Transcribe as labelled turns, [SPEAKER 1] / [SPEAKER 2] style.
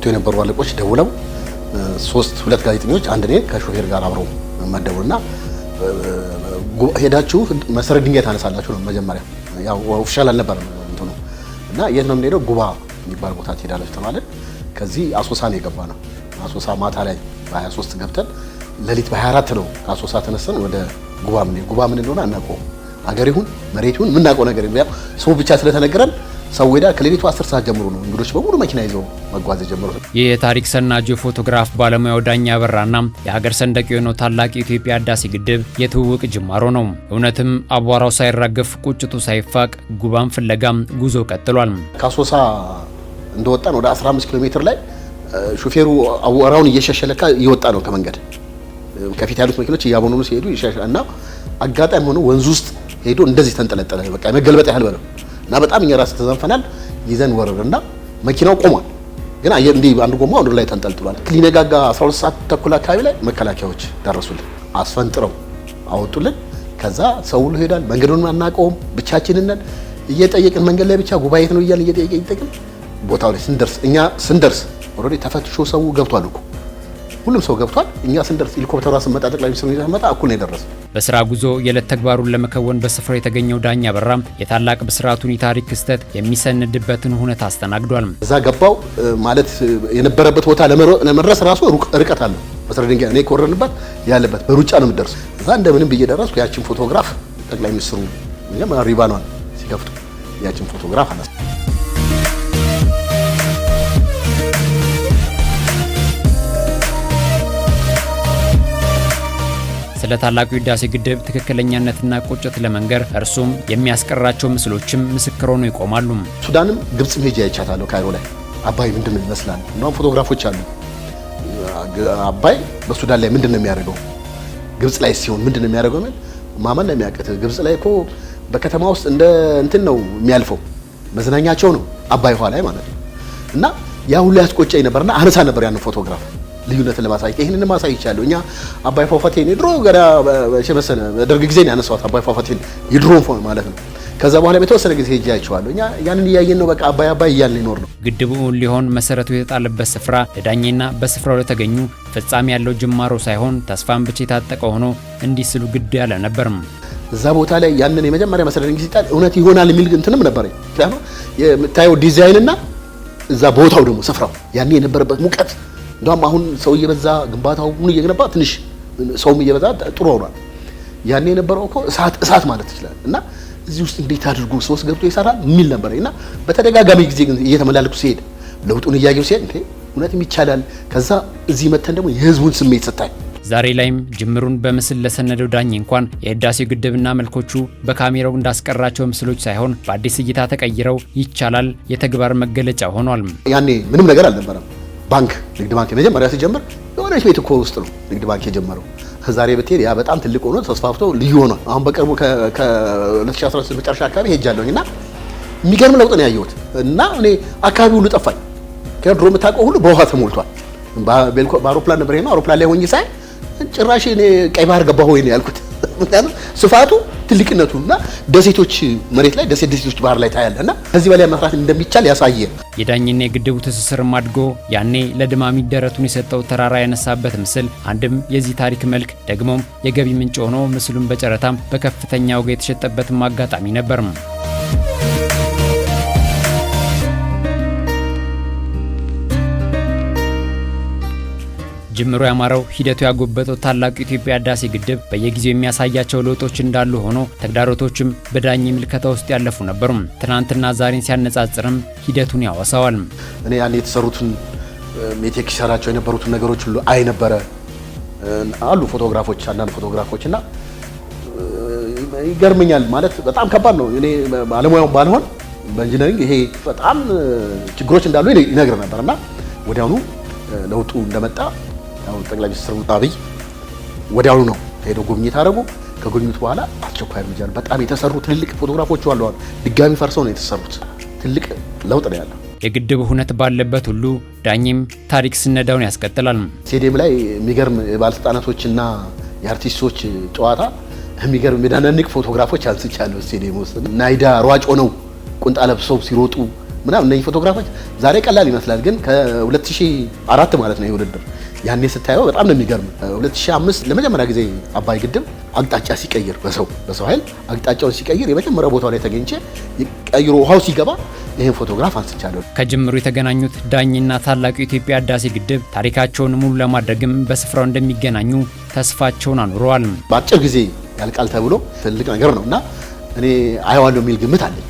[SPEAKER 1] በወቅቱ የነበሩ አለቆች ደውለው ሶስት ሁለት ጋዜጠኞች አንድ እኔ ከሾፌር ጋር አብረው መደቡና ሄዳችሁ መሰረት ድንጋይ ታነሳላችሁ ነው። መጀመሪያ ያው ኦፊሻል አልነበረም እንትኑ እና የት ነው የምንሄደው? ጉባ የሚባል ቦታ ትሄዳለች ተባለ። ከዚህ አሶሳ ነው የገባ ነው። አሶሳ ማታ ላይ በ23 ገብተን ሌሊት በ24 ነው ከአሶሳ ተነስተን ወደ ጉባ ምን ጉባ ምን እንደሆነ አናውቀውም። አገር ይሁን መሬት ይሁን የምናውቀው ነገር ሰው ብቻ ስለተነገረን ሰዌዳ ከሌሊቱ 10 ሰዓት ጀምሮ ነው እንግዶች በሙሉ መኪና ይዘው መጓዝ ጀምሮ።
[SPEAKER 2] ይህ የታሪክ ሰናጁ ፎቶግራፍ ባለሙያው ዳኛ በራና የሀገር ሰንደቅ የሆነው ታላቅ የኢትዮጵያ ህዳሴ ግድብ የትውውቅ ጅማሮ ነው። እውነትም አቧራው ሳይራገፍ ቁጭቱ ሳይፋቅ ጉባን ፍለጋ ጉዞ ቀጥሏል።
[SPEAKER 1] ካሶሳ እንደወጣን ወደ 15 ኪሎ ሜትር ላይ ሹፌሩ አቧራውን እየሸሸለካ እየወጣ ነው ከመንገድ ከፊት ያሉት መኪኖች እያቦኑ ሲሄዱ ይሻሻል እና አጋጣሚ ሆኖ ወንዝ ውስጥ ሄዶ እንደዚህ ተንጠለጠለ። በቃ የመገልበጥ ያህል በለው እና በጣም እኛ ራስ ተዘንፈናል። ይዘን ወረድና መኪናው ቆሟል፣ ግን አየር እንዲህ አንድ ጎማ ወደ ላይ ተንጠልጥሏል። ሊነጋጋ 12 ሰዓት ተኩል አካባቢ ላይ መከላከያዎች ደረሱልን፣ አስፈንጥረው አወጡልን። ከዛ ሰው ሁሉ ሄዳል። መንገዱን አናውቀውም፣ ብቻችንን እየጠየቅን መንገድ ላይ ብቻ ጉባኤት ነው እያልን እየጠየቅን ቦታው ላይ ስንደርስ እኛ ስንደርስ ኦልሬዲ ተፈትሾ ሰው ገብቷል እኮ ሁሉም ሰው ገብቷል። እኛ ስንደርስ ሄሊኮፕተሯ ስመጣ ጠቅላይ ሚኒስትሩ ይዛ መጣ እኩል ነው የደረሰ።
[SPEAKER 2] በስራ ጉዞ የዕለት ተግባሩን ለመከወን በስፍራው የተገኘው ዳኛ በራም የታላቅ ብስራቱን የታሪክ ክስተት የሚሰንድበትን ሁነት አስተናግዷል።
[SPEAKER 1] እዛ ገባው ማለት የነበረበት ቦታ ለመድረስ ራሱ ርቀት አለ መሰረት ድንጋይ እኔ የኮረንበት ያለበት በሩጫ ነው የምደርሱ። እዛ እንደምንም ብዬ ደረስኩ። ያችን ፎቶግራፍ ጠቅላይ ሚኒስትሩ ሪባኗን ሲከፍቱ ያችን ፎቶግራፍ አነሳ።
[SPEAKER 2] ስለ ታላቁ ህዳሴ ግድብ ትክክለኛነትና ቁጭት ለመንገር እርሱም የሚያስቀራቸው ምስሎችም ምስክር ሆነው ይቆማሉ።
[SPEAKER 1] ሱዳንም ግብጽም ሄጄ አይቻታለሁ። ካይሮ ላይ አባይ ምንድን ነው ይመስላል? እናም ፎቶግራፎች አሉ። አባይ በሱዳን ላይ ምንድን ነው የሚያደርገው? ግብጽ ላይ ሲሆን ምንድን ነው የሚያደርገው? ማመን ነው የሚያቀት። ግብጽ ላይ እኮ በከተማ ውስጥ እንደ እንትን ነው የሚያልፈው፣ መዝናኛቸው ነው አባይ ውሃ ላይ ማለት ነው። እና ያ ሁሉ ያስቆጨኝ ነበርና አነሳ ነበር ያንን ፎቶግራፍ ልዩነትን ለማሳየት ይህንን ማሳይ ይቻለሁ። እኛ አባይ ፏፏቴን የድሮ ገና ሸመሰነ ደርግ ጊዜ ነው ያነሳኋት አባይ ፏፏቴን የድሮን ማለት ነው። ከዛ በኋላ የተወሰነ ጊዜ ሄጄ አይቼዋለሁ። እኛ ያንን እያየን ነው በቃ አባይ አባይ እያልን ይኖር ነው።
[SPEAKER 2] ግድቡ ሊሆን መሰረቱ የተጣለበት ስፍራ ለዳኜና በስፍራው ለተገኙ ፍጻሜ ያለው ጅማሮ ሳይሆን ተስፋን ብቻ የታጠቀ ሆኖ እንዲህ ስሉ ግድ ያለ ነበርም።
[SPEAKER 1] እዛ ቦታ ላይ ያንን የመጀመሪያ መሰረት ሲጣል እውነት ይሆናል የሚል እንትንም ነበር። ምክንያቱም የምታየው ዲዛይንና እዛ ቦታው ደግሞ ስፍራው ያኔ የነበረበት ሙቀት እንደውም አሁን ሰው እየበዛ ግንባታው ሁሉ እየገነባ ትንሽ ሰውም እየበዛ ጥሩ ሆኗል። ያኔ የነበረው እኮ እሳት እሳት ማለት ይችላል እና እዚህ ውስጥ እንዴት አድርጎ ሶስት ገብቶ ይሰራል የሚል ነበር እና በተደጋጋሚ ጊዜ እየተመላለኩ ሲሄድ ለውጡን እያየው ሲሄድ እንዴ እውነትም ይቻላል። ከዛ እዚህ መተን ደግሞ የህዝቡን ስሜት ስታይ
[SPEAKER 2] ዛሬ ላይም ጅምሩን በምስል ለሰነደው ዳኝ እንኳን የህዳሴው ግድብና መልኮቹ በካሜራው እንዳስቀራቸው ምስሎች ሳይሆን በአዲስ እይታ ተቀይረው ይቻላል የተግባር መገለጫ ሆኗል።
[SPEAKER 1] ያኔ ምንም ነገር አልነበረም። ባንክ ንግድ ባንክ የመጀመሪያ ሲጀምር የሆነች ቤት እኮ ውስጥ ነው ንግድ ባንክ የጀመረው። ዛሬ ብትሄድ ያ በጣም ትልቅ ሆኖ ተስፋፍቶ ልዩ ሆኗል። አሁን በቅርቡ ከ2016 መጨረሻ አካባቢ ሄጃለሁኝ እና የሚገርም ለውጥ ነው ያየሁት እና እኔ አካባቢ ሁሉ ጠፋኝ። ከድሮ የምታውቀው ሁሉ በውሃ ተሞልቷል። በአውሮፕላን ነበር ሄማ አውሮፕላን ላይ ሆኜ ሳይ ጭራሽ እኔ ቀይ ባህር ገባሁ ወይ ነው ያልኩት። ምክንያቱም ስፋቱ ትልቅነቱ እና ደሴቶች መሬት ላይ ደሴት ደሴቶች ባህር ላይ ታያለ እና ከዚህ በላይ መስራት እንደሚቻል ያሳየ
[SPEAKER 2] የዳኝና የግድቡ ትስስርም አድጎ ያኔ ለድማሚ ደረቱን የሰጠው ተራራ ያነሳበት ምስል አንድም የዚህ ታሪክ መልክ ደግሞም የገቢ ምንጭ ሆኖ ምስሉን በጨረታም በከፍተኛ ዋጋ የተሸጠበትም አጋጣሚ ነበርም። ጅምሮ ያማረው ሂደቱ ያጎበጠው ታላቁ ኢትዮጵያ ህዳሴ ግድብ በየጊዜው የሚያሳያቸው ለውጦች እንዳሉ ሆኖ ተግዳሮቶችም በዳኝ ምልከታ ውስጥ ያለፉ ነበሩም። ትናንትና ዛሬን ሲያነጻጽርም ሂደቱን ያወሳዋል።
[SPEAKER 1] እኔ ያን የተሰሩትን ሜቴክ ሲሰራቸው የነበሩትን ነገሮች ሁሉ አይ ነበረ አሉ ፎቶግራፎች፣ አንዳንድ ፎቶግራፎች እና ይገርምኛል። ማለት በጣም ከባድ ነው። እኔ ባለሙያውን ባልሆን በኢንጂነሪንግ ይሄ በጣም ችግሮች እንዳሉ ይነግር ነበር እና ወዲያውኑ ለውጡ እንደመጣ አሁን ጠቅላይ ሚኒስትር አብይ ወዲያውኑ ነው ሄደው ጉብኝት አደረጉ። ከጉብኝት በኋላ አስቸኳይ እርምጃ በጣም የተሰሩ ትልልቅ ፎቶግራፎች አሉ። ድጋሚ ፈርሰው ነው የተሰሩት። ትልቅ ለውጥ ነው ያለው።
[SPEAKER 2] የግድብ ሁነት ባለበት ሁሉ ዳኝም ታሪክ ስነዳውን ያስቀጥላል።
[SPEAKER 1] ስቴዲየም ላይ የሚገርም የባለስልጣናቶችና የአርቲስቶች ጨዋታ የሚገርም የሚያስደንቅ ፎቶግራፎች አንስቻለሁ። ስቴዲየም ውስጥ ናይዳ ሯጮ ነው ቁንጣ ለብሰው ሲሮጡ ምናምን እነዚህ ፎቶግራፎች ዛሬ ቀላል ይመስላል፣ ግን ከ2004 ማለት ነው ይህ ውድድር ያኔ ስታየው በጣም ነው የሚገርም። 2005 ለመጀመሪያ ጊዜ አባይ ግድብ አቅጣጫ ሲቀይር በሰው በሰው ኃይል አቅጣጫውን ሲቀይር የመጀመሪያ ቦታው ላይ ተገኝቼ ቀይሮ ውሃው ሲገባ ይህን ፎቶግራፍ አንስቻለሁ።
[SPEAKER 2] ከጅምሩ የተገናኙት ዳኝና ታላቁ የኢትዮጵያ ህዳሴ ግድብ ታሪካቸውን ሙሉ ለማድረግም በስፍራው እንደሚገናኙ ተስፋቸውን አኑረዋል።
[SPEAKER 1] በአጭር ጊዜ ያልቃል ተብሎ ትልቅ ነገር ነው እና እኔ አየዋለሁ የሚል ግምት አለኝ።